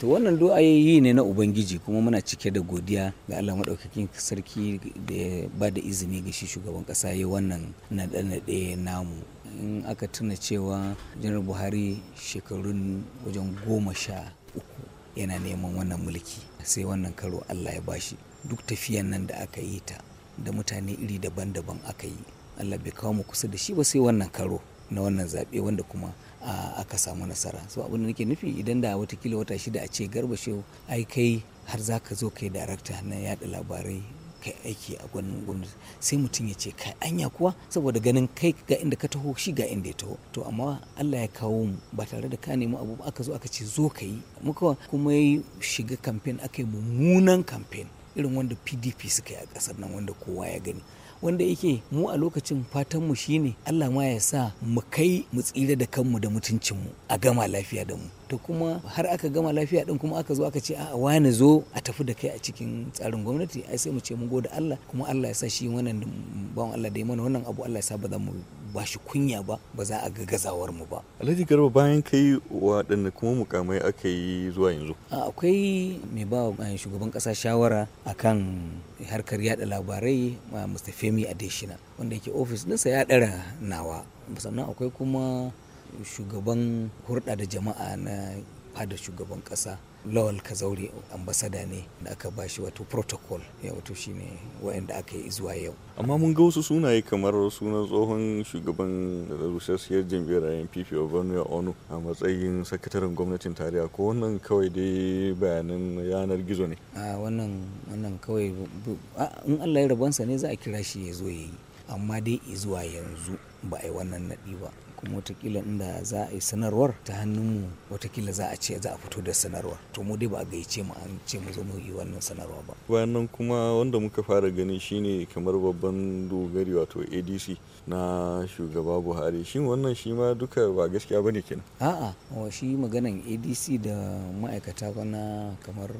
to wannan du'a ne na ubangiji kuma muna cike da godiya ga Allah maɗaukakin sarki da ya ba da izini ga shi shugaban ƙasa ya wannan naɗe-naɗe namu in aka tuna cewa janar buhari shekarun wajen goma sha uku yana neman wannan mulki sai wannan karo Allah ya bashi duk tafiyan nan da aka yi ta da mutane iri daban-daban aka yi Allah bai kawo mu kusa da shi ba sai wannan karo na wannan zaɓe wanda kuma aka samu nasara so abin da nake nufi idan da watakila wata shida a ce garba shehu ai kai har za ka zo kai darakta na yada labarai kai aiki a gwanin gwamnati sai mutum ya ce kai anya kuwa saboda ganin kai ga inda ka taho shi ga inda ya taho to amma Allah ya kawo mu ba tare da ka nemi abu aka zo aka ce zo ka yi muka kuma ya shiga kamfen aka yi mummunan kamfen irin wanda pdp suka yi a kasar nan wanda kowa ya gani wanda yake mu a lokacin fatanmu shine allah ma ya sa mu kai mu tsira da kanmu da mutuncinmu a gama lafiya da mu to kuma har aka gama lafiya din kuma aka zo aka ce a wani zo a tafi da kai a cikin tsarin gwamnati ai sai mu ce mu gode allah kuma allah ya sa shi wannan bawan allah da ya mana wannan abu allah ya sa ba za mu ba shi kunya ba ba za a ga gazawar mu ba alhaji garba bayan kai waɗanda kuma mukamai aka yi zuwa yanzu akwai mai ba eh, shugaban ƙasa shawara akan harkar yada labarai mr femi adeshina wanda yake ofis ɗinsa ya ɗara nawa sannan akwai kuma shugaban hurɗa da jama'a na fada shugaban kasa lawal ka zaure ambasada ne da aka bashi shi wato protocol ya wato shine wayanda aka yi zuwa yau amma mun ga wasu sunaye kamar sunan tsohon shugaban rusasshiyar jam'iyyar NPP Obanuya Onu a matsayin sakataren gwamnatin tarayya ko wannan kawai dai bayanan yanar gizo ne a wannan kawai in Allah ya rabansa ne za a kira shi ya zo yayi amma dai zuwa yanzu ba a yi wannan naɗi ba kuma watakila inda za a yi sanarwar ta hannunmu watakila za a ce za a fito da sanarwar to mu dai ba a gayyace mu an ce mu zo mu yi wannan sanarwa ba bayan nan kuma wanda muka fara gani shine kamar babban dogari wato adc na shugaba buhari shin wannan shi ma duka ba gaskiya bane kenan a'a shi maganan adc da ma'aikata na kamar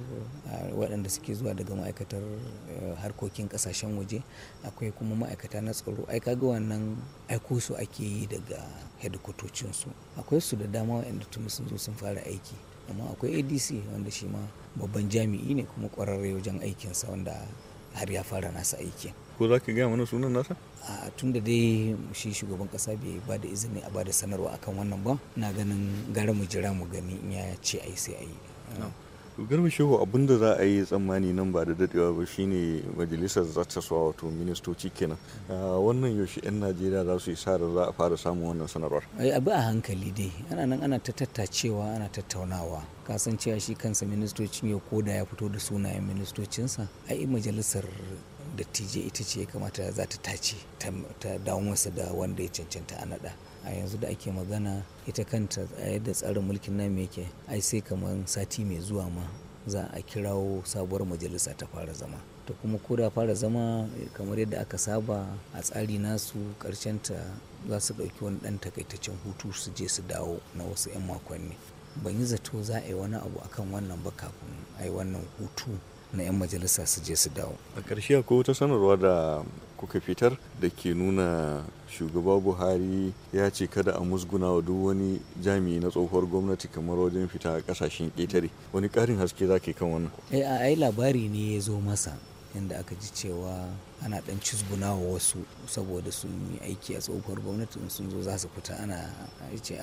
waɗanda suke zuwa daga ma'aikatar eh, harkokin ƙasashen waje akwai kuma ma'aikata na tsaro ai kaga wannan aiko su ake yi daga hedikwatocinsu akwai su da dama wa'anda tuni sun zo sun fara aiki amma akwai adc wanda shi ma babban jami'i ne kuma kwararre wajen aikinsa wanda har ya fara nasa aiki ko za ki gaya mana sunan nasa a tun da dai shi shugaban kasa bai ba da izini a ba da sanarwa akan wannan ba na ganin gara mu jira mu gani in ya ce ai sai a garba shehu abinda za a yi tsammani nan ba da dadewa ba shine majalisar suwa wato ministoci kenan ah, wannan yaushe 'yan najeriya za su yi sa da za a fara samun wannan sanarwar ai abu a hankali dai ana nan ana ta tattacewa ana tattaunawa kasancewa shi kansa ministocin ya koda ya fito da sunayen ministocinsa ai majalisar da tije ita ce ya kamata za ta tace ta dawo masa da wanda ya cancanta a naɗa a yanzu da ake magana ita kanta a yadda tsarin mulkin namu yake ai sai kamar sati mai zuwa ma za a kirawo sabuwar majalisa ta fara zama ta kuma ko da fara zama kamar yadda aka saba a tsari nasu ta za su ɗauki wani ɗan takaitaccen hutu su je su dawo na wasu 'yan makonni ban yi zato za a yi wani abu akan wannan ba kafin a yi wannan hutu na 'yan majalisa su je su dawo a ƙarshe akwai wata sanarwa da kuka fitar da ke nuna shugaba buhari ya ce kada a musguna wa duk wani jami'i na tsohuwar gwamnati kamar wajen fita a ƙasashen ƙetare wani ƙarin haske za kan wannan eh, a ai labari ne ya zo masa inda aka ji cewa ana ɗan cizguna wa wasu saboda sun yi aiki a tsohuwar gwamnati in sun zo za su fita ana ce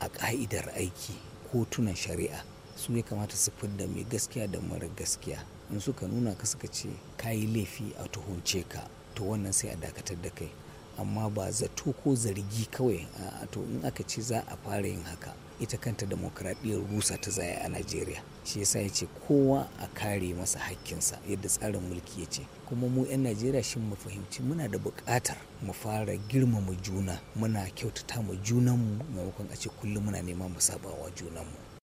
a ka'idar aiki kotunan shari'a su ya kamata su fidda mai gaskiya da mara gaskiya in suka nuna ka suka ce ka yi laifi a tuhunce ka to wannan sai a dakatar da kai amma ba zato ko zargi kawai a to in aka ce za a fara yin haka ita kanta demokradiyyar rusa ta zaya a najeriya shi yasa ya ce kowa a kare masa hakkinsa yadda tsarin mulki ya ce kuma mu 'yan najeriya shi mu fahimci muna da buƙatar mu fara girmama juna muna kyautata ma junanmu maimakon a ce kullum muna neman mu sabawa junanmu